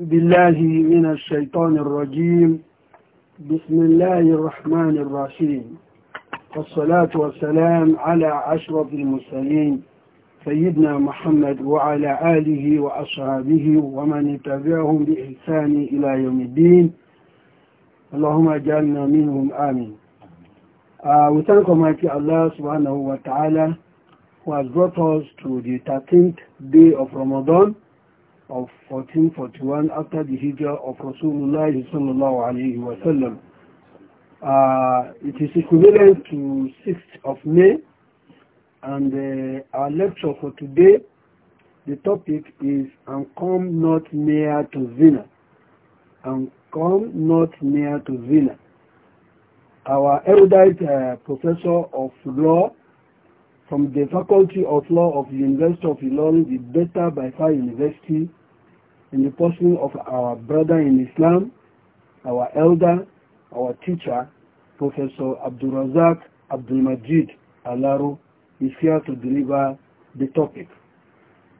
بالله من الشيطان الرجيم بسم الله الرحمن الرحيم والصلاة والسلام على أشرف المرسلين سيدنا محمد وعلى آله وأصحابه ومن تبعهم بإحسان إلى يوم الدين اللهم اجعلنا منهم آمين uh, We thank Almighty Allah subhanahu who has brought us to the 13th day of Ramadan of 1441 after the Hijra of Rasulullah sallallahu alayhi wa sallam. Uh, it is equivalent to 6th of May and uh, our lecture for today, the topic is and come not near to zina. And come not near to zina. Our erudite uh, professor of law from the Faculty of Law of the University of Ilorin, the Beta Baifa University, in the person of our brother in Islam, our elder, our teacher, Professor Abdul Razak Abdul Majid Alaro, is here to deliver the topic.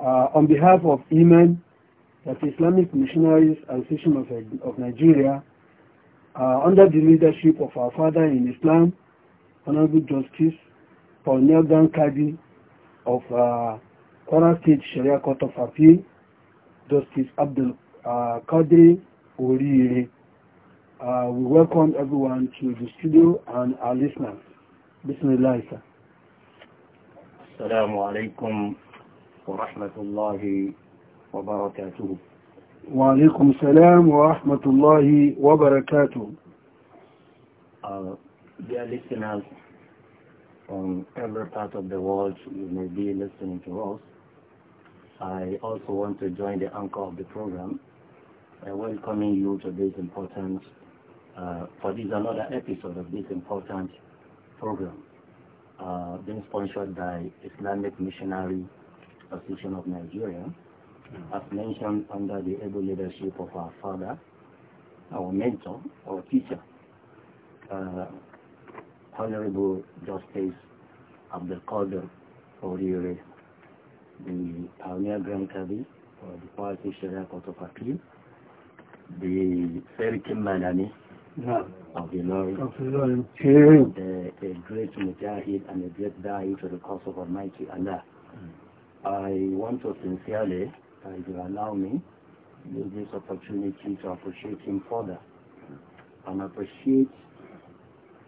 Uh, on behalf of Iman, that Islamic Missionaries Association of, of Nigeria, uh, under the leadership of our father in Islam, Honorable Justice Paul Nelgan Kadi of uh, State Sharia Court of Appeal, Justice Abdul uh, Qadir Uh, we welcome everyone to the studio and our listeners. Bismillah, sir. Assalamu alaikum wa rahmatullahi wa barakatuh. Wa alaikum salam wa rahmatullahi wa barakatuh. Uh, dear listeners from every part of the world, you may be listening to us. I also want to join the anchor of the program by welcoming you to this important, uh, for this another episode of this important program uh, being sponsored by Islamic Missionary Association of Nigeria, mm-hmm. as mentioned under the able leadership of our father, our mentor, our teacher, uh, Honorable Justice Abdul Qadir Oriore the Pioneer Grand Kavi, or the Powerful Sharia Court of Appeal, the Serikim Manani no. of the Lord, the The, uh, great Mujahid and the great Da'i to the cause of Almighty Allah. Mm. I want to sincerely, uh, if you allow me, use this opportunity to appreciate him further and appreciate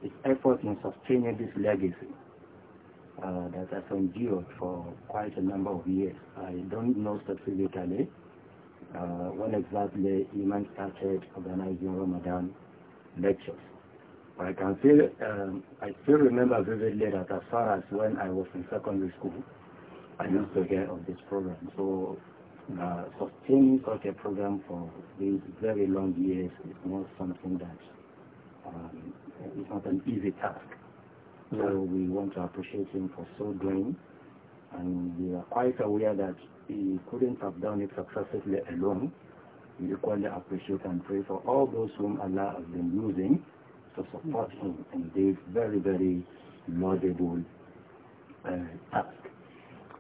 his effort in sustaining this legacy uh, that has endured for quite a number of years. I don't know specifically uh, when exactly Iman started organizing Ramadan lectures. But I can feel, um, I still remember vividly that as far as when I was in secondary school, I used to hear of this program. So uh, sustaining such a program for these very long years is not something that um, is not an easy task. So we want to appreciate him for so doing. And we are quite aware that he couldn't have done it successfully alone. We equally appreciate and pray for all those whom Allah has been using to support him in this very, very laudable uh, task.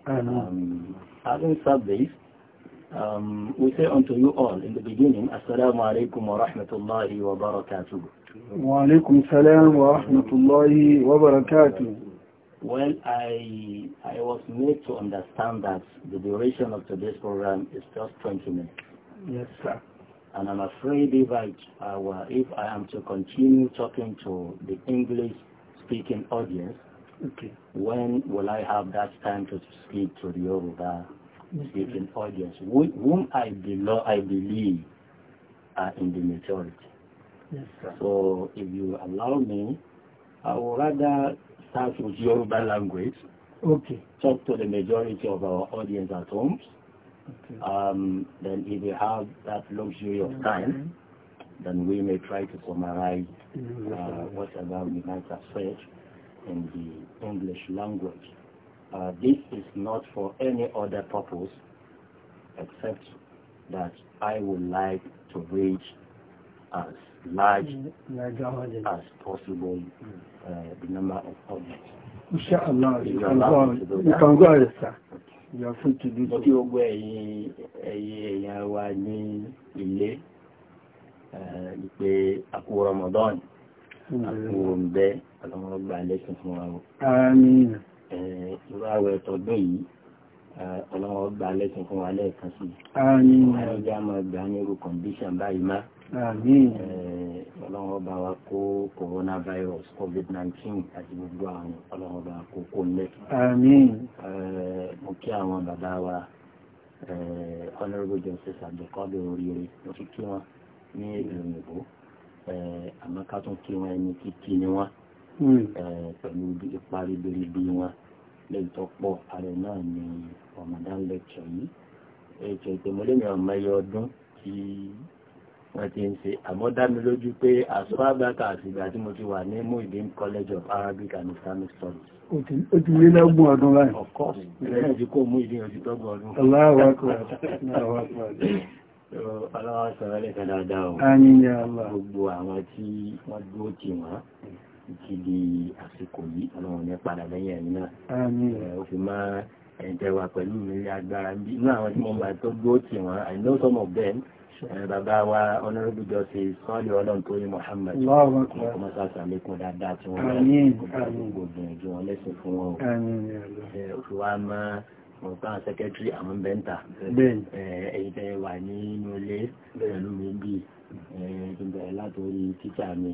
Um, having said this, um, we say unto you all in the beginning, Assalamu alaikum wa rahmatullahi wa barakatuh. Wa alaikum salam wa rahmatullahi wa barakatuh. Well, I, I was made to understand that the duration of today's program is just 20 minutes. Yes, sir. And I'm afraid if I, uh, if I am to continue talking to the English-speaking audience, okay. when will I have that time to speak to the Yoruba seeking audience, with whom I, belo- I believe are in the majority. Yes, so if you allow me, I would rather start with Yoruba language. Okay. Talk to the majority of our audience at homes. Okay. Um, then if you have that luxury of time, then we may try to summarize mm-hmm. uh, whatever we might have said in the English language. uh, this is not for any other purpose except that I would like to reach as large as possible uh, the number of objects. Inshallah, you, you can go on. You can go ahead, sir. You are free to do so. Tí ó wa ní ilé uh, ìpè àkú Ramadan, àkú Òǹbẹ́, ọlọ́run gba lẹ́sìn fún wa. Àmín irú àwẹ̀ tọgbẹ́ yìí ọlọ́wọ́ gba lẹ́sìn fún wa lẹ́ẹ̀kan sí ààrẹ́jà máa gbà ní irú kọ̀ǹdíṣàn báyìí má ọlọ́wọ́ bá wa kó coronavirus covid-19 àti gbogbo àwọn ọlọ́wọ́ bá kó kó lẹ́ mo kí àwọn bàbá wa honorable justice àjọkọ́dọ̀ oríire mo ti kí wọn ní ìlú òyìnbó àmọ́ ká tún kí wọn ẹni kíkí ni wọn. Hmm. Eh, pẹ̀lú ìparí lórí bí wọn lẹ́yìn tó pọ̀ ààrẹ náà ni Ramadan lecture yìí ẹ̀jẹ̀ ìtẹ̀mọ́lẹ́yìn ọmọ ẹyọ ọdún tí wọ́n ti ń ṣe àmọ́ dá mi lójú pé àsọ́bàtà àtìgbà tí mo ti wà ní Muideen College of Arabic and Islamic Studies. ó ti lé lọ́gbọ̀n ọdún láì. of course ìrẹ́lẹ̀ tí kò mú ìdí ojú tọ́gbọ̀n ọdún. aláwọ̀ akọ̀rọ̀ aláwọ̀ akọ̀rọ̀ títí di àsìkò yìí ọlọ́run ní padà lẹ́yìn ẹ̀yìn náà ó fi máa ẹ̀ǹtẹ̀wà pẹ̀lú ìrírí agbára bí inú àwọn tí mo máa tó gbó tì wọ́n I know some of them bàbá wa honorable justice sọ́ọ̀lì ọlọ́run tó yí Muhammad ọmọ sáà lẹ́kùn dáadáa tí wọ́n bá gbogbo ìjọ wọn lẹ́sìn fún wọn ó fi wá máa ọ̀gá sẹ́kẹ́tírì àwọn bẹ́ńtà ẹ̀yìn tẹ́ wà nínú ilé pẹ̀lú mi bíi ẹ̀ẹ́dẹ̀gbẹ̀rẹ̀ látòrí títà mi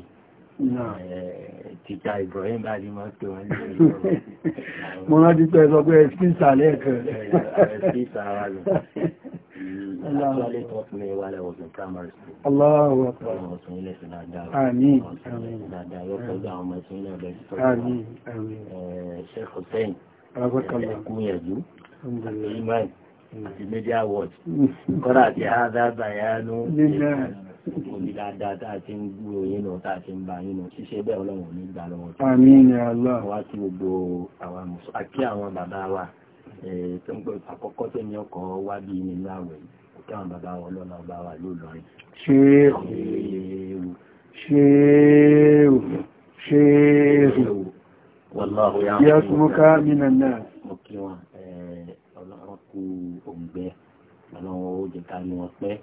Eh, títà Ibrahim bá ní máa pè wọ́n ní ìrọ̀rùn. mo rántí pé sọ pé ẹ̀sìkísà lẹ́ẹ̀kan. ẹ̀sìkísà ara lọ. Actually, taught me while I was in primary school. Allahu Akbar. Àwọn ọ̀sán ilẹ̀ sí dáadáa. Àmín. Dáadáa yóò pẹ̀lú àwọn ọmọ ìsìn ilẹ̀ ọ̀dọ̀ ìsìn. Àmín. Sheikh Hussein. Arákọ̀kọ̀lá. Ẹkúnyẹ̀jú. Imam. Àti Media Watch. Mm. Kọ́dà àti Ádá Bayánú òbí dáadáa tá a ti ń gbúrò yín lọ tá a ti ń bá yín lọ ṣiṣẹ́ bẹ́ẹ̀ ọlọ́run ní gbà lọ́wọ́ tó àmín ya Allah wá sí gbogbo àwọn àmùsùn àti àwọn bàbá wa tó ń gbọ́ àkọ́kọ́ tó ní ọkọ̀ wá bí nínú àwẹ̀ kí àwọn bàbá wa ọlọ́run ọba wa ló lọ rìn. ṣéèrù ṣéèrù ṣéèrù yasumuka minan nas. mo kí wọn ọlọ́run kú òǹgbẹ ọlọ́run ó jẹ ká ní wọn pẹ́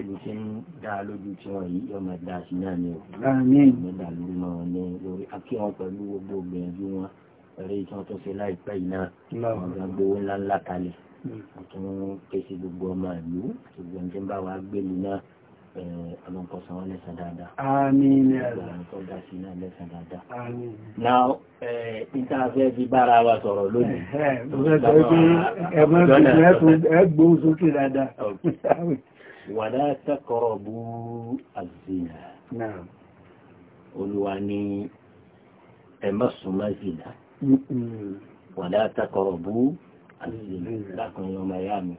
ìlú tí ń dá lójú tí wọ́n yí ọmọ ẹ̀dá sí náà ni o. ọmọ ẹ̀dá lórí mọ́ wọn ní lórí akí wọn pẹ̀lú gbogbo gbìyànjú wọn pẹ̀lú ìtàn tó ṣe láìpẹ́ yìí náà wọn gbà gbowó ńlá ńlá kalẹ̀ hmm. wọn tún ké sí gbogbo ọmọ ìlú gbogbo ní bá wa gbélu náà ọlọ́nkọ́sán wọn lẹ́sàn ìta fẹ́ fi bára wa sọ̀rọ̀ lónìí. Ẹgbẹ́ sọ pé ẹgbẹ́ sókè dáadáa wàlá taqrabu az-zina olúwa ní ẹ má súnmọ́ zina wàlá taqrabu az-zina lákùnrin ọmọ ẹ̀yà mi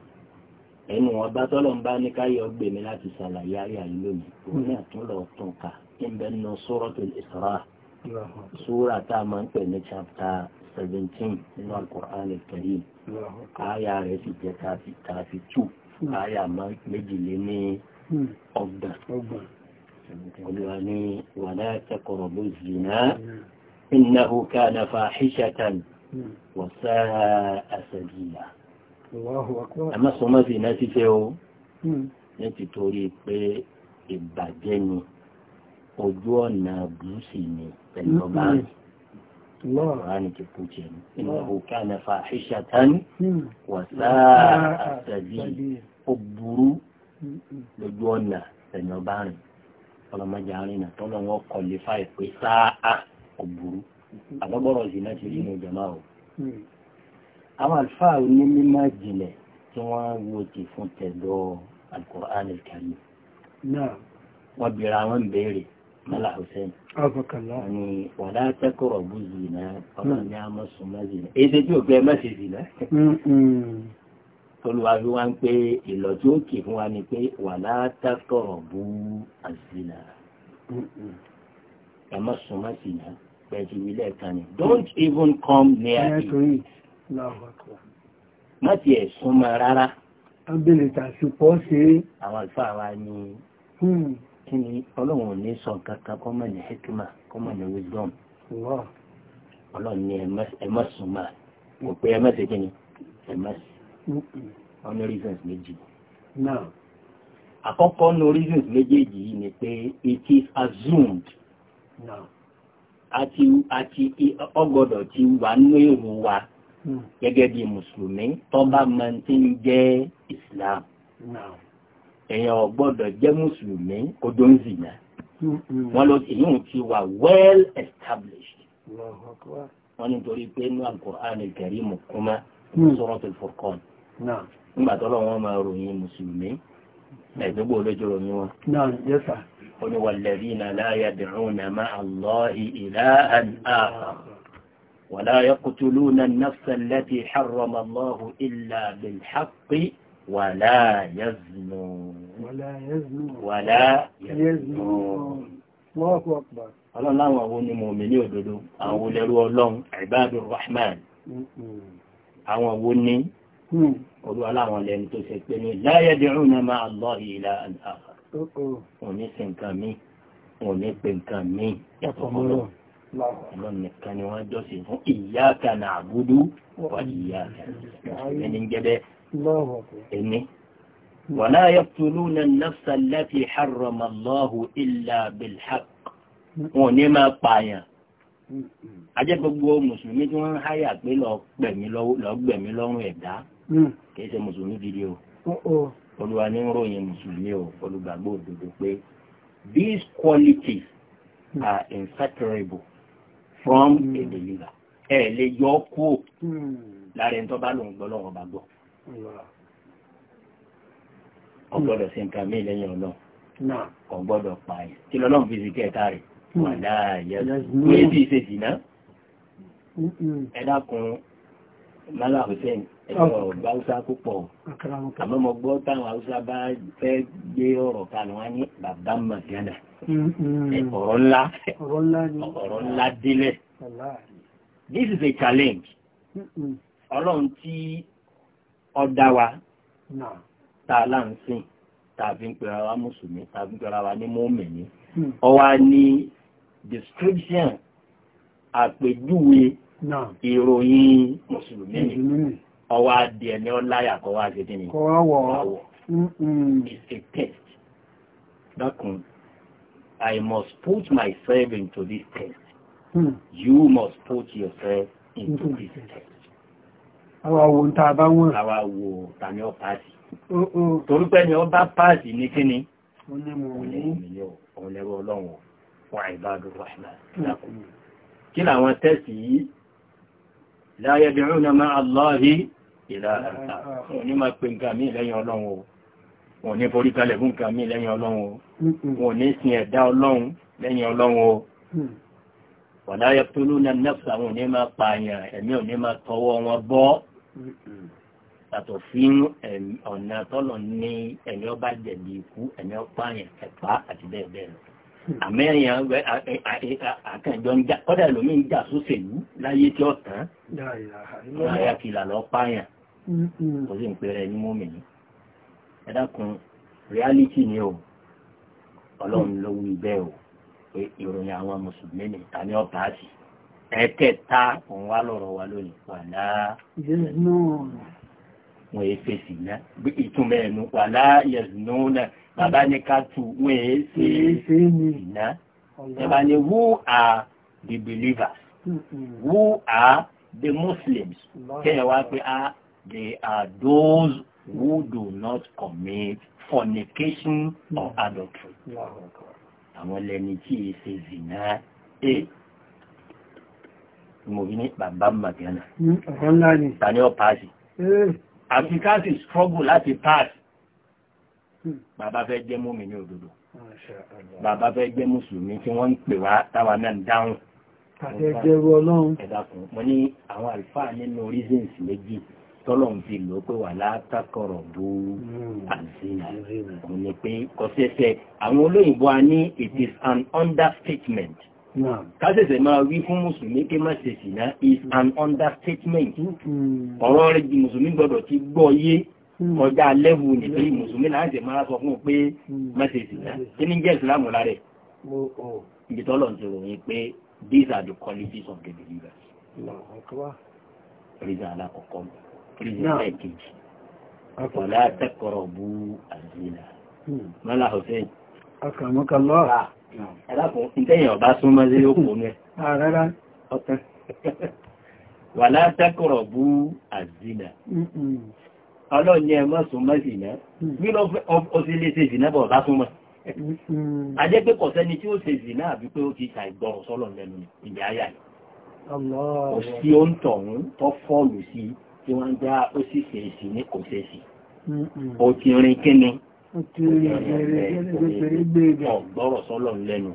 ẹnu wọn bá tọ́lọ̀ ń bá ní káyọ̀ gbèmí láti ṣàlàyé ayà yìí lónìí òun náà tún lọ tún ká ń bẹ nínú Suratul Isra súrà tá a máa ń pè ní chapter seventeen nínú al-Qur'an al rẹ̀ sì jẹ́ thirty two àyà hmm. méjìlé hmm. ní ọgbà olùwà ní wàlá tẹkọrọ bó zìnà innahu kana fahishatan hmm. wa sa'a sabila ẹmọ sọmọ zìnà títẹ o ní ti torí pé ìbàjẹ́ ni ojú ọ̀nà bùsì ni pẹ̀lú ọba rẹ̀ القرآن كبوتين إنه كان فاحشة وساء سبيل ó burú lójú ọ̀nà ẹ̀yìn ọba rìn ọlọ́mọdé arìnà tọ́lọ́ wọn kọ lè fa ìpè sáà ó burú àgbọ́gbọ́rọ̀ sí náà ti rí ní ìjọba o. àwọn àlùfáà ní mímọ́ ìjìnlẹ̀ tí wọ́n wo ti fún tẹ̀dọ̀ Al-Qur'an al-Karim. wọ́n bèèrè àwọn béèrè mọ́là Hussein. ni wàlá tẹ́kọ̀rọ̀ bú zìnà ọlọ́ni àmọ́sùn mọ́ zìnà. èyí tẹ́jú òpin ẹ tolúwa fi wá ń pé ìlọ́jú òkè fún wa ni pé wà látàkọ̀rọ̀ bú àzìlà ẹ má sùn má sì yá pẹ̀lú ilé ẹ̀ka ni don't even come near me má ti ẹ̀ sún mọ́ rárá. abẹ́lẹ̀ tàṣùpọ̀ ṣe é. àwọn àlùfáà wa ni hmm. kí ni ọlọ́run ò ní sọ kankan kọ́ mọ̀ ní hekima kọ́ mọ̀ ní wisdom ọlọ́run ni ẹ má sùn má kò pé ẹ má ṣe kí ni ẹ má sùn ọ̀nà reasons méjì náà àkọ́kọ́ no reasons méjèèjì yìí ni pé it is assumed náà àti àti ọgọ́dọ̀ ti wà nínú èrò wa hmm. gẹ́gẹ́ bí mùsùlùmí tó bá máa ti ń jẹ́ Islam èèyàn ọgbọ́dọ̀ jẹ́ mùsùlùmí kó tó ń zìnà wọ́n lọ sí yóò ti wà well established wọ́n nítorí pé inú Al-Qur'an Al-Karim kúmá hmm. Suratul Furqan nígbà tọ́lọ́ wọn máa ròyìn mùsùlùmí ẹ̀dógbò olójú ròyìn wọn. oníwàlẹ́rìnà láyà dìrún nà má àlọ́hì ìlà àhà wàlá yọkùtùlù nà nàfṣà lẹ́tì xarọ̀mọ́lọ́hù ìlà bìlḥàpì wàlá yẹzùnù. wàlá yẹzùnù. ọlọ́run láwọn wo ni mòmí ní òdodo àwọn olẹ́rú ọlọ́run ibadu rahman àwọn wo ni olú aláwọn lẹni tó ṣe pé ní láyé dẹrù náà máa lọ ìlà àgbà wọn ní sí nǹkan mi wọn ní pé nǹkan mi yàtọ̀ ọlọ́run nìkan ni wọ́n jọ́sìn fún iyyaka na'budu wa iyyaka ẹni ń jẹ́ bẹ́ẹ̀ ẹni. ولا يقتلون النفس التي حرم الله إلا بالحق wọn ní máa pààyàn mm-hmm. ajẹ́ gbogbo mùsùlùmí tí wọ́n ń háyà pé lọ gbẹ̀mí lọ́rùn Hmm. kìí mùsùlùmí gidi o olúwa ní ròyìn mùsùlùmí o olùgbàgbọ́ òdodo pé these qualities hmm. are inseparable from a deliver. Hmm. ẹ lè yọ kú lára ẹni bá lòun gbọ́ lọ́wọ́ bá gbọ́ ọgbọ́dọ̀ sí nǹkan mí lẹ́yìn ọlọ́run ọgbọ́dọ̀ pààyàn kí lọ́lọ́run fi sí kẹta rẹ̀ wà láàyè wíwé bí ṣe jìnnà ẹ dákun Mala Hussein, ẹ̀sọ́ ọ̀gbá Hausa púpọ̀. Àmọ́ mo gbọ́ táwọn Hausa bá fẹ́ gbé ọ̀rọ̀ kanù wá ní bàbá Màdíánà. Mm-hmm. Ọ̀rọ̀ ńlá, ọ̀rọ̀ ńlá délẹ̀. This is a challenge. Mm-hmm. Ọlọ́run tí ọ dá wa, tá a láǹsìn, tá a fi ń pera wa Mùsùlùmí, tá a fi ń pera wa ní Mùmìnì. Mm. Ó wá ní description àpèjúwe ìròyìn mùsùlùmí ọwọ́ adì ẹni ọláyà kọ́ wá ṣe dínì ọwọ́ mm, mm. it's a test dákun I must put myself into this test mm. you must put yourself into mm -hmm. this test àwa wo ń tàbá wọn àwa wo tàní ọ pàásì torúpẹ́ ni ọ bá pàásì ní kíni òun lẹ́rọ ọlọ́run wà ìbádùn rahman kí làwọn tẹ́sì yìí la yad'una ma'a Allahi ilahan akhar wọn ní máa pè nǹkan mí lẹ́yìn ọlọ́run o wọn ní forí kalẹ̀ fún nǹkan mí lẹ́yìn ọlọ́run o wọn ní sin ẹ̀dá ọlọ́run lẹ́yìn ọlọ́run o mm. wa la yaqtuluna an ọ̀nà tọ́lọ̀ ní ẹ̀mí ọba jẹ̀bi ikú ẹ̀mí ọpáyàn ẹ̀pá àti bẹ́ẹ̀ bẹ́ẹ̀ àmẹ́rin àkànjọ ń jà kọ́dà lómi ń jà sóṣèlú láyé tí ó tán láyá kìlà lọ páyàn mm, mm. kò sí ń pèrè ní mọ́mìnì ẹ dákun reality ni o ọlọ́run ló wí bẹ́ẹ̀ o pé ìròyìn àwọn mùsùlùmí ni tàbí ọ̀tá sí ẹ̀kẹta òun wá lọ́rọ̀ wa lónìí wàlá wọn èé fèsì náà ìtumẹ̀ ẹnu wàlá yẹ̀sùn náà bàbá ní ká tù wọ́n èé ṣe é ṣe ní ìná ẹ̀bá ni who are the believers who are the Muslims kẹ́yẹ̀ wá pé ah they are those who do not commit fornication or mm. adultery àwọn lẹni tí è ṣe zìnà ẹ̀ mo ní bàbá màgánà tani ọ paasi àfi ká sì struggle láti paasi bàbá fẹ́ jẹ́ mọ́mí ní òdodo bàbá fẹ́ jẹ́ mùsùlùmí tí wọ́n ń pè wá táwa náà dáhùn ẹ̀dàkùn mo ní àwọn àlùfáà nínú reasons méjì tọ́lọ̀ ń fi lò pé wà látàkọ̀rọ̀ bú hmm. àzínà kò ní pé kọ́sẹ́sẹ́ àwọn olóyìnbó a ní it is an understatement kásẹ̀sẹ̀ máa wí fún mùsùlùmí kí má ṣe sìná is an understatement hmm. ọ̀rọ̀ rẹ̀ di mùsùlùmí gbọ́dọ̀ ti gbọ́ yé Hmm. kọjá lẹ́wù ní pé mùsùlùmí láti máa sọ fún pé mẹ́sẹ̀sì hmm. náà kí ní jẹ́ ìsìlámù lárẹ̀ ibi tọ́lọ̀ ti ròyìn pé these are the qualities of the believers ríza alákọ̀ọ́kọ́ ríza ẹ̀kejì ọ̀lá tẹ́kọ̀rọ̀ bú àzínà mọ́lá hussein akàmọ́kàlọ́ ah, hmm. ẹ̀lápọ̀ ìtẹ́yìn ọ̀bá súnmọ́ sí ó kò ní ẹ̀ wà látẹ́kọ̀rọ̀ bú àzínà ọlọ́ni ẹmọ́ súnmọ́ ìsìnà bí hmm. lọ fẹ́ ọsí lè ṣe ìsìnà bọ̀ bá súnmọ́ hmm. a jẹ́ pé kọ̀sẹ́ni tí ó ṣe ìsìnà àbí pé ó ti ṣàìgbọràn sọ́lọ̀ lẹ́nu ìgbé ayà yìí kò sí ó ń tọ̀hún tó fọ́ọ̀lù sí tí wọ́n dá ó sì ṣe èsì ní kò ṣe èsì hmm. ó ti rin kíni ọ̀gbọ́rọ̀ sọ́lọ̀ lẹ́nu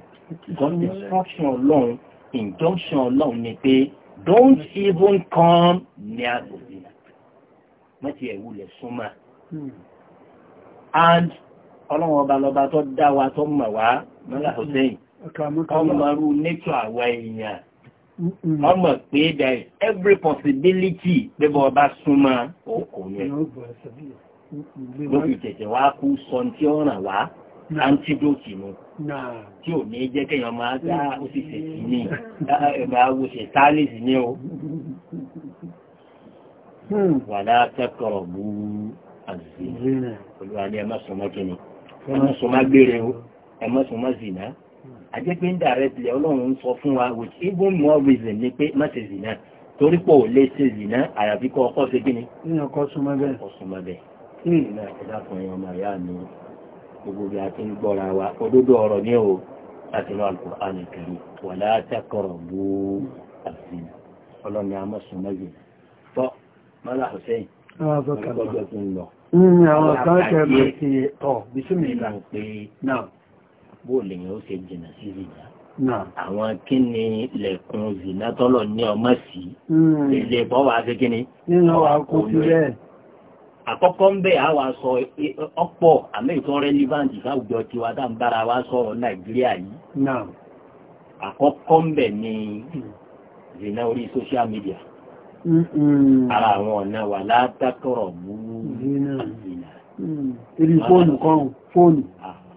e instruction ọlọ́run injunction ọlọ́run ni pé don't even come near God mẹ́tì ẹ̀wù lẹ̀ súnmọ́ hmm. and ọlọ́wọ́n ọba lọba tó dá wa tó mọ̀ wá mọ́lá hmm. hussein ọmọrú nature àwa èèyàn hmm. ọmọ pé there is every possibility pé bọ́ ọba súnmọ́ òkò yẹn ló fi tẹ̀tẹ̀ wá kú sọ tí ó ràn wá antidote mu tí ò ní jẹ́ kéèyàn máa dá ó sì ní ẹ̀mà awòṣe tálísì ní o wà látẹ́kọ̀rọ̀ bú àzìnà olúwa ní ẹ má súnmọ́ kí ni ẹ má súnmọ́ gbére o ẹ má súnmọ́ zìnà ń dàrẹ́ tilẹ̀ ọlọ́run ń sọ fún wa with even more reason ni pé má ṣe zìnà torí pò lè ṣe zìnà àyàfi kọ́ ọkọ́ ṣe kí ní ọkọ súnmọ́ ọkọ súnmọ́ hmm. a ti ń gbọ́ra wa òdodo ọ̀rọ̀ o láti lọ Al-Qur'an Al-Karim wà látàkọ̀rọ̀ bú àzìnà ọlọ́run ni a má súnmọ́ mọ́lá àwọn àwọn kí ni lẹ̀kùn zìnà tọ́lọ̀ ní ọmọ sí ilé hmm. bọ́ wá sí kí ni ọwà kó sí rẹ̀ àkọ́kọ́ ń bẹ̀ àwà sọ ọ̀pọ̀ àmẹ́ìtọ́ relevant ìfáwùjọ tiwa tá ń wa sọ̀rọ̀ nàìjíríà yìí àkọ́kọ́ ń bẹ̀ ni hmm. zìnà orí social media ara àwọn ọ̀nà wà látàkọ̀rọ̀ mú ìrìnà ìrìn fóònù kan fóònù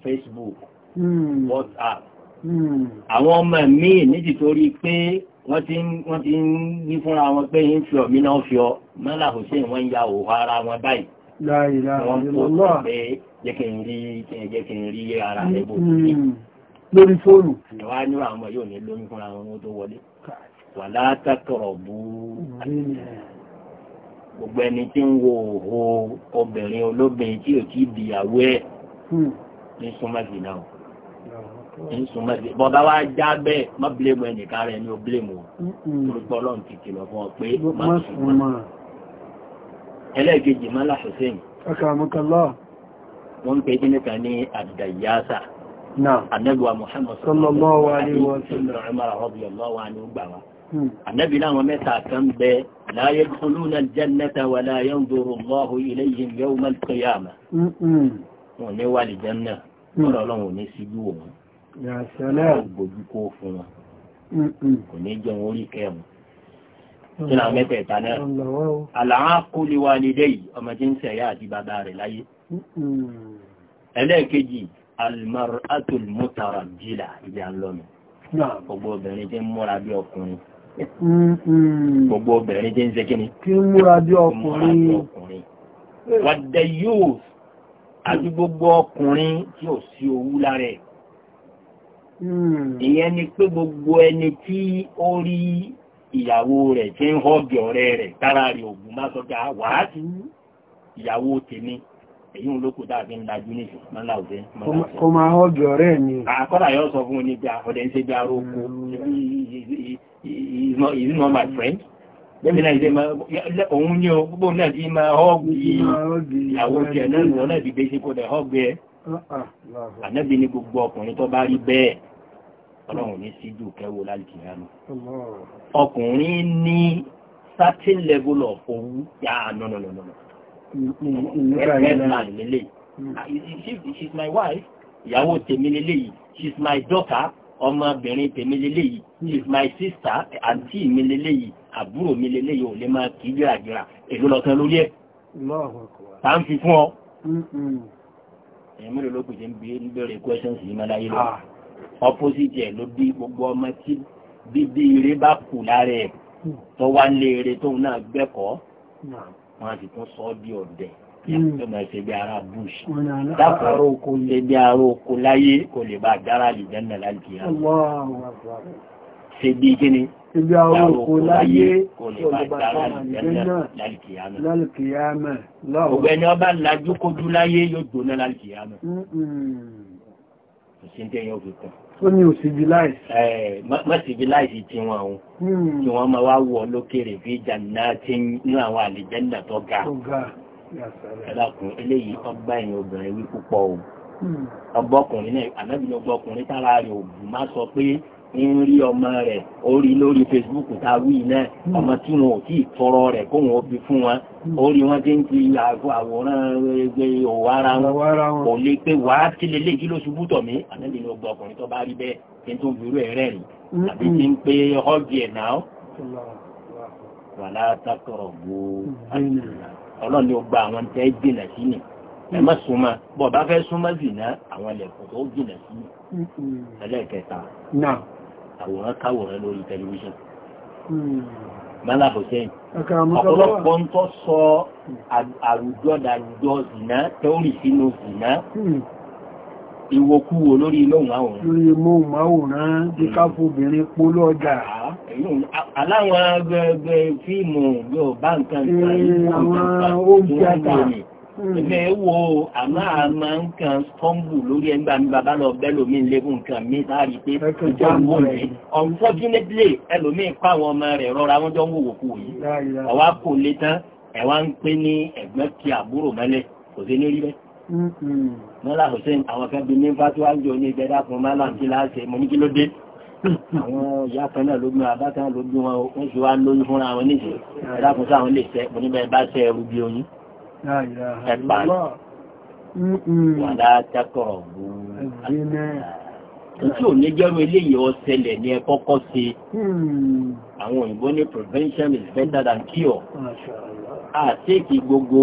Facebook mm. WhatsApp mm. àwọn ọmọ mi nídì torí pé wọ́n ti ń ní fúnra wọn pé ń fi ọ̀mí náà fi ọ mọ́là Hussein wọ́n ya òwò ara wọn báyìí wọ́n tó pé jẹ́ kí n rí ara rẹ̀ bò lórí fóònù ìwá àwọn ọmọ yóò ní lóyún fúnra wọn tó wọlé wà látàkọ̀rọ̀ bú gbogbo ẹni tí ń wo òhò obìnrin olóbìnrin tí ò tí ìdìyàwó ẹ̀ hmm. ní súnmọ́sí náà ní súnmọ́sí bọ́bá wá já bẹ́ẹ̀ má bílẹ̀mù ẹnìkan rẹ̀ ní ó bílẹ̀mù hmm. orúkọ ọlọ́run ti kìlọ̀ fún ọ pé má súnmọ́ ẹlẹ́ẹ̀kejì mọ́lá hussein wọ́n pè ní kan ní àdàyásà náà anẹ́gbà muhammad sallallahu alaihi wa sallam ànábì láwọn mẹ́ta kan bẹ láyé kúlúnà jẹ́nẹ́ta wà láyé ń dòrò lọ́hù ilé yìí yóò mọ́ tó yà mà. wọn ní wà lè jẹ́nà lọ́rọ̀ ọlọ́run ní síjú òun. yàtọ̀ gbòjú kó fún wọn. kò ní jẹun orí kẹwọn. tí láwọn mẹ́tẹ̀ẹ̀ta náà àlàá kó lè wà lédè yìí ọmọ tí ń sẹ̀yà àti bàbá rẹ̀ láyé. ẹlẹ́ẹ̀kejì almar'atul mutarajjila ilé alọ́nu. gbogbo obìnrin tí ń múra bí ọkùnrin. Mm-hmm. gbogbo obìnrin tí ń ṣe kíni kí ń múra bí ọkùnrin wàdẹ yóò àti gbogbo ọkùnrin tí ò sí owú lára ẹ̀ mm-hmm. ìyẹn ni pé gbogbo ẹni tí ó rí ìyàwó rẹ̀ tí ń họ́bì ọ̀rẹ́ rẹ̀ tára rẹ̀ ògùn má sọ́jà ah, wàá sí ìyàwó tèmi èyí ń lókò dáàbí ń dájú ní ìṣùgbọ́nlá òfin. kò máa họ́bì ọ̀rẹ́ mi. àkọ́dà ah, yóò sọ fún un ní bí àkọ́dẹ̀ ah, ń ṣe bí aróko mm-hmm he's not, he's not my friend. Bẹ́ẹ̀ni náà ìdẹ́ máa òun ní o, gbogbo náà ti máa ọ́gbì ìyàwó jẹ náà wọ́n náà ti bèé sí kó dẹ̀ ọ́gbẹ́ ẹ̀. Ànábì ní gbogbo ọkùnrin tó bá rí bẹ́ẹ̀, ọlọ́run ní síjú kẹwò lálìkìyàmù. Ọkùnrin ní certain level of owó yà no no no no. Mm-hmm. Mm-hmm. Mm-hmm. Ah, my wife, ìyàwó tèmi lélẹ́yìí, she's my daughter, ọmọbìnrin tèmi leléyìí is my sister àǹtí mi leléyìí àbúrò mi leléyìí ò lè máa kì í gbéragbéra èló lọ́tàn lórí ẹ̀ tá ń fi fún ọ. ẹ̀mí ló kùjẹ́ ń béèrè questions yìí máa láyé lọ ah. opposite ẹ̀ ló bí gbogbo ọmọ tí bíbí ire bá kù lára ẹ̀ hmm. tó wá lé ire tóun náà gbẹ́kọ̀ọ́ wọn á sì tún sọ ọ́ bí ọ̀dẹ̀ yóò máa ṣe bí ara bush dákọ̀ọ́rọ̀ oko lè bí ara oko láyé kò lè bá dára lè jẹ́ nàlá lè yá ṣe bí gíní ibi ara oko láyé kò lè bá dára lè jẹ́ nàlá ọgbẹ̀ni ọba lajú kojú láyé yóò gbóná lálùkìyà mẹ́ òṣìṣẹ́ yóò fi kàn ó ní ẹ̀dàkùn eléyìí ọgbà ẹ̀yìn obìnrin wí púpọ̀ o hmm. ọgbọ́kùnrin náà ànábìyàn ọgbọ́kùnrin tára rẹ̀ ògùn má sọ pé ń rí ọmọ rẹ̀ orí lórí Facebook ta wí náà hmm. ọmọ tí wọn ò tí ì tọrọ rẹ̀ kó wọn fi fún wọn orí hmm. wọn ti ń ti àwòrán ẹgbẹ́ òwò ara wọn kò lè pé wàá tí lè léjì ló ṣubú tọ̀ mí ànábìyàn ọgbọ́kùnrin tó bá rí bẹ́ẹ̀ kí n tó fi irú ẹ̀ rẹ̀ rí àbí kí n pé ọ́ọ̀gì ẹ̀ náà wàlá tákọ̀rọ̀ gbòó ọlọ́run ni ó gba àwọn tẹ́ jìnà sí ni ẹ má súnmọ́ bọ̀ bá fẹ́ súnmọ́ zìnà àwọn ilẹ̀kùn tó jìnà sí ni mm-hmm. ẹlẹ́ẹ̀kẹta àwòrán káwòrán lórí tẹlifíṣàn mọ́lábò mm. sẹ́yìn ọ̀pọ̀lọpọ̀ ń tọ́ sọ àrùjọ́dàjọ́ zìnà tẹ́órì sínú zìnà mm ìwòkúwò lórí lóhùnmáwòrán. lórí móhùnmáwòrán bí káfò hmm. obìnrin polú ọjà. aláwọn agbẹ̀gbẹ̀ fíìmù yóò bá nǹkan eh, ìgbàlẹ̀ hmm. ilé wo àmọ́ àmọ́ nǹkan kọ́mbù lórí ẹgbà mi bàbá lọ bẹ́lòmí lébùn nǹkan mi láàrí pé ìjọ ń wò ní unfortunately ẹlòmíì pa àwọn ọmọ rẹ̀ rọra wọ́n jọ ń wò wòkú yìí ọwá kò lé tán ẹ̀wá ń pè ní ẹ̀gbẹ́ kí àbúrò mẹ́lẹ̀ kò sí ní rí bẹ́ẹ̀ mọ́lá hussein àwọn kan bí ní fatuwa jọ ní ìgbẹ́dá fún mọ́lá tí láàṣẹ mọ́ ní kí ló dé àwọn ìyá kan náà ló gbé wọn abá kan ló gbé wọn wọ́n sì wá lóyún fúnra àwọn níṣẹ́ ẹ̀dá fún sáwọn lè fẹ́ mo níbẹ̀ bá ṣe ẹrú bí oyún ẹ̀pà wàdá tákọ̀rọ̀ bú tí ò ní jẹ́rú eléyìí ọ̀sẹ̀lẹ̀ ní ẹ kọ́kọ́ ṣe àwọn òyìnbó ní prevention is better than cure àti èkì gbogbo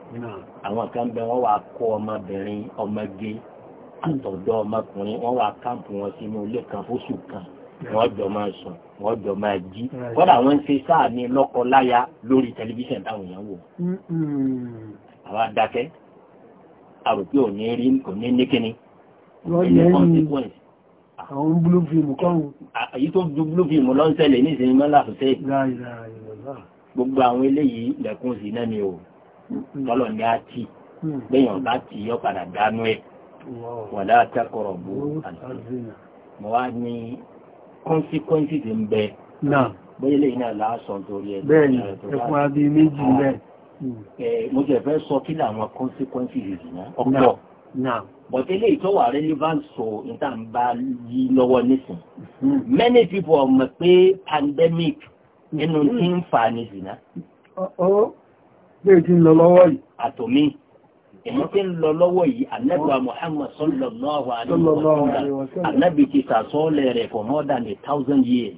àwọn kan bẹ wọ́n wá kó ọmọbìnrin ọmọge àtọ̀dọ́ ọmọkùnrin wọ́n wá káàpù wọn sínú ilé kan fóṣù kan wọ́n jọ máa sùn wọ́n jọ máa jí kọ́dà wọ́n ń ṣe sáà ní lọ́kọ-láya lórí tẹlifíṣàn táwọn èèyàn wò àwọn adákẹ́ àròpé ò ní rí kò ní ní kíni àwọn blue film kọ́rùn àyí tó ju blue film lọ́n tẹ́lẹ̀ ní ìsinmi mọ́lá fún tẹ́ gbogbo àwọn eléyìí lẹ́kùn sí náà ni o tọ́lọ̀ ní á tì lẹ́yìn hmm. bá tì yọ padà dánú ẹ̀ wala taqrabu mo wá ní consequences ń bẹ bóyá lè ní àlàásọ̀ torí ẹ̀ bẹ́ẹ̀ni ẹkùn abí méjì ah. bẹ́ẹ̀ mo jẹ́ fẹ́ sọ kí làwọn consequences yìí ná ọ̀pọ̀ bọ̀tẹ́lẹ̀ ìtọ́wà relevant so níta ń bá yí lọ́wọ́ nísìn hmm. many people mọ̀ pé pandemic nínú hmm bí i ti ń lọ lọ́wọ́ yìí àtòmí èyí tí ń lọ lọ́wọ́ yìí anẹ́gbà Muhammad sallallahu alaihi wa sallam anẹ́bì ti sàsọ́ọ̀lẹ̀ rẹ̀ for more than a thousand years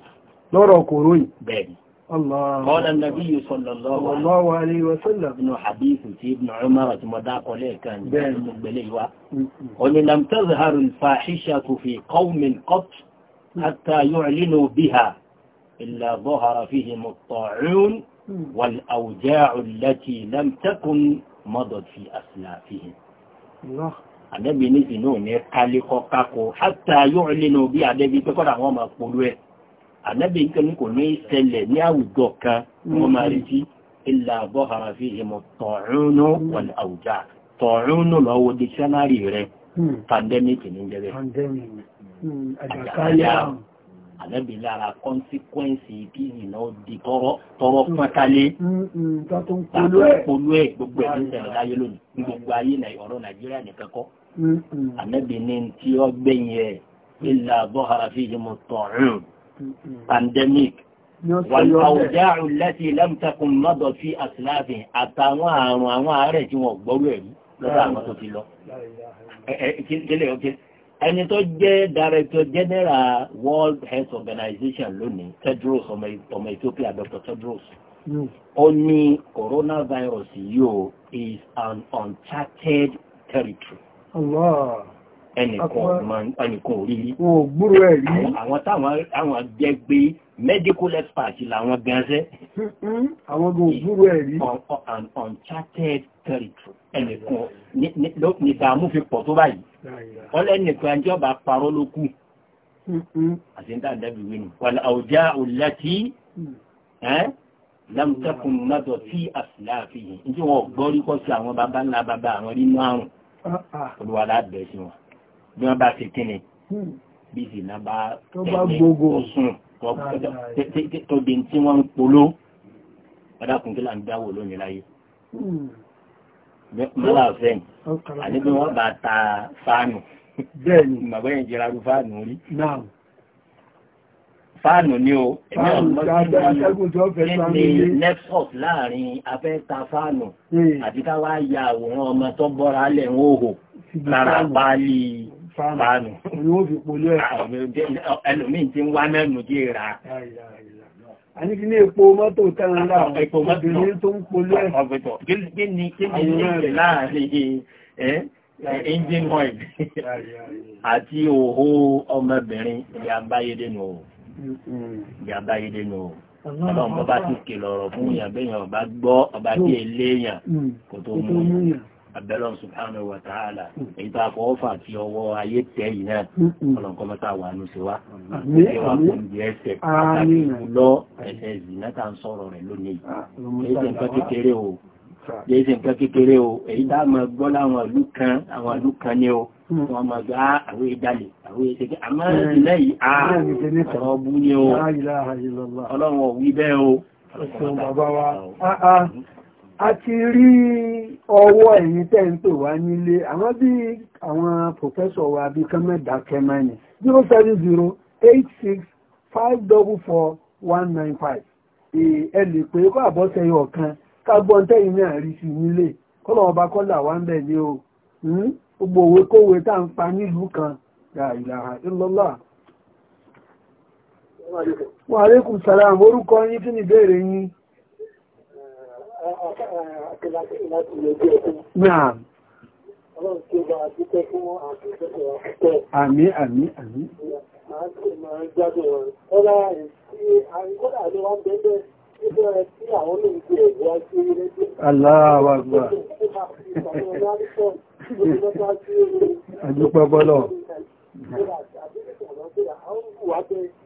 lọ́rọ̀ kòrò yìí bẹ́ẹ̀ni قال النبي صلى الله عليه وسلم إنه حديث ابن عمر مداق لكان قال لم تظهر الفاحشة في قوم قط حتى يعلنوا بها إلا ظهر فيهم الطاعون والأوجاع التي لم تكن مضت في أسلافهم àdẹ́bì ní ìnú ní kálíkọ́ kákò hátà yóò lẹ́nu bí àdẹ́bì tó kọ́dà wọ́n máa polú ẹ̀ àdẹ́bì ń kẹ́ni kò ní ìṣẹ̀lẹ̀ ní àwùjọ kan wọ́n máa rí sí ilà bọ́hara fi ìmọ̀ tọ̀rúnú wọn àwùjá tọ̀rúnú lọ́wọ́ dictionary rẹ̀ hmm. pandemic ní jẹ́rẹ̀ ànábì lára kọ́nsíkwẹ́ǹsì kí ìnà di tọrọ tọrọ pọ́nkálé tàbí polú ẹ̀ gbogbo ẹ̀ ń ṣẹlẹ̀ láyé lónìí gbogbo ayé ọ̀rọ̀ nàìjíríà nìkan kọ́ ànábì ní tí ó gbẹ̀yìn ẹ̀ ilà bọ́hara fi himu tọ̀rùn pandemic wàlúwàwùdáàrùn lẹ́sí lẹ́mtakùn mọ́dọ̀ fi àsìláàfin àtàwọn àrùn àwọn àárẹ̀ tí wọ́n gbọ́rú ẹ̀rí lọ́dọ̀ àwọn tó ti lọ ẹni tó jẹ́ director general world health organization lónìí tedros ọmọ ethiopia dr tedros hmm. ó ní coronavirus yìí is an uncharted territory. Allah ẹnìkan orí rí. Wọ́n gbúrú ẹ̀ rí. Àwọn táwọn jẹ́ gbé medical expert làwọn gánṣẹ́. Àwọn gbò gbúrú ẹ̀ rí. An uncharted territory. Ẹnìkan ní ìdààmú fi pọ̀ tó báyìí. Wọ́n lẹ́nìkan ìjọba parọ́ ló kù. Àti ní àdábì wínú. Wàlá àwùjá òlẹ́tí mm. lámùtẹ́kùn nádọ̀ tí àsìlá àfihàn. Ní tí wọ́n gbọ́ rí kọ́ sí àwọn bàbá ńlá bàbá àwọn nínú àrùn. Ah, ah. Olúwa lábẹ́ sí wọn bí wọ́n bá ti kíni hmm. bí ìsìnà bá tẹ̀lé ọ̀sùn tóbi ah, tí wọ́n ń poló ọdákùnkí là ń dáwò lónìí láyé mọ́lá hmm. fẹ́ẹ̀ àní bí wọ́n bá ta fáànù màgbẹ́yìn jẹ́ra rú fáànù rí fáànù ní o ẹ̀mí ọ̀gbọ́n nexus láàrin afẹ́ta fáànù hmm. àti káwá ya àwòrán ọmọ tó bọ́ra lẹ̀ ń hòhò lára páálí fáànù ni fi polú ẹ̀fà ah, ẹlòmíì ń wá mẹ́nu dí ra a ní epo mọ́tò tẹ́rẹ ah, epo mọ́tò tó ń polú ẹ̀fà ah, engine oil àti òhó ọmọbìnrin ìyàbáyédénú mm-hmm. ìyàbáyédénú bá ti kìlọ̀ ọ̀rọ̀ fún ìyàbẹ́yàn ọba gbọ́ ọba bí eléyàn mm. kò tó mú abẹ́lọ́n subhanahu wa ta'ala hmm. èyí tó àfọwọ́fà àti ọwọ́ ayé tẹ́ yìí náà hmm, hmm. ọlọ́nkọ́ mọ́ta wà ní ṣèwá ẹwà fún ìdí ẹsẹ̀ pàtàkì lọ ẹsẹ̀ ìzìnà tá ń sọ̀rọ̀ rẹ̀ lónìí èyí ah, tẹ́ nǹkan kékeré o èyí tẹ́ nǹkan kékeré o èyí tá máa gbọ́ láwọn ìlú kan àwọn ìlú kan ní o wọ́n máa gbá ah, àwọn ìdálẹ̀ àwọn ìṣẹ́gẹ́ àmọ́ ìlẹ́ yìí a ah, ọ̀rọ̀ bú ní o ọlọ́run ò wí bẹ́ẹ̀ o a ti rí ọwọ́ ẹ̀yìn tẹ́ ń tò wá nílé àwọn bí àwọn pòfẹ́sọ̀ wa bíi kan mẹ́ta kẹ́mẹ́ ni zero seven zero eight six five double four one nine five lè pé kó ọ̀kan ká tẹ́yìn náà nílé ọba kọ́là wá ń bẹ̀ ní o hmm? gbogbo òwe kan wa orúkọ yín kí ni ìbéèrè yín. Náà. Ọlọ́run tí ó bá dúpẹ́ fún àti ìjọ́sọ̀ àkùkẹ́. Àmín, bọ́lọ̀.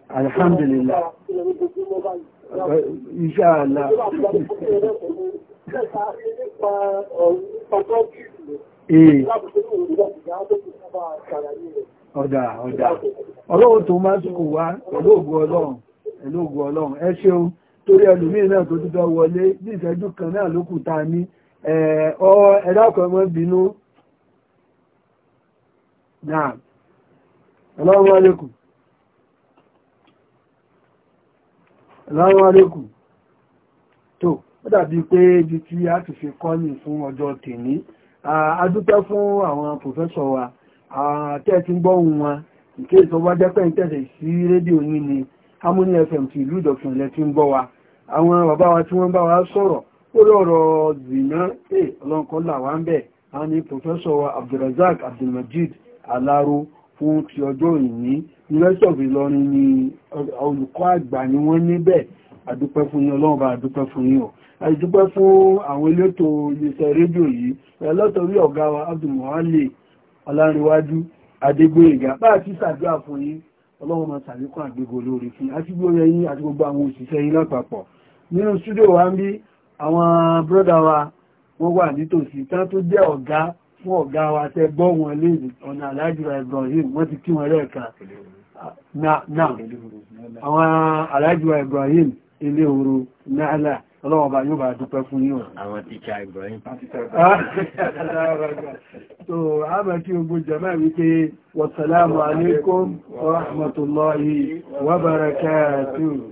Alhamdulillah. Insha Allah. Ọ̀dà ọ̀dà. Ọlọ́run tó máa túnkù wá olóògùn ọlọ́run, olóògùn ọlọ́run. Ẹ ṣeun torí ẹlòmí náà tó títọ́ wọlé ní ìṣẹ́jú kan náà ló kù ta ní ẹ̀ẹ́dàkọ̀ ọmọ bínú. Náà, ọlọ́run alékùn. Ọlọ́run alékùn. Tó ó dàbí pé ibi tí a ti fi kọ́yìn fún ọjọ́ tèmi a fún àwọn pòfẹ́sọ̀ wa tẹ́ ti ń gbọ́hùn wọn ìké ìsọwọ́ jẹ́pẹ́ ń tẹ̀sẹ̀ sí rédíò yín ni Harmony FM ti ìlú Ìdọ̀tun ilẹ̀ ti ń gbọ́ wa àwọn bàbá wa tí wọ́n bá wa sọ̀rọ̀ ó lọ́rọ̀ zìnà ẹ̀ ọlọ́nkọ́ là wá ń bẹ̀ a ní pòfẹ́sọ̀ wa Abdulrazak Abdulmajid Alaro fún ti ọjọ́ ìní University of Ìlọrin ni olùkọ́ àgbà ni wọ́n níbẹ̀ àdúpẹ́ fún ní ọlọ́run bá àdúpẹ́ fún ní ọ̀ àdúpẹ́ fún àwọn elétò iléeṣẹ́ rédíò yìí lọ́tọ̀rí ọ̀gá wa abdulmuhali ọlárẹ̀wájú adégbóyèga bá a ti ṣàdúrà fún yín ọlọ́run máa ṣàlékún àgbégo lórí fún àti gbóyè yín àti gbogbo àwọn òṣìṣẹ́ yín lápapọ̀ nínú stúdíò wa ń bí àwọn bírọ́dà wa wọ́n wà nítòsí tán tó jẹ́ ọ̀gá fún ọ̀gá wa tẹ gbọ́ wọn lé ọ̀nà aláàjìwà Ibrahim wọ́n ti kí wọn lẹ́ẹ̀kan náà àwọn aláàjìwà Ibrahim ilé oró náàlá ọlọ́wọ́ba yóò bá dúpẹ́ fún yíò àwọn tíkà Ibrahim ah, so a mọ̀ kí ogun jama wípé wassalamu alaikum wa rahmatullahi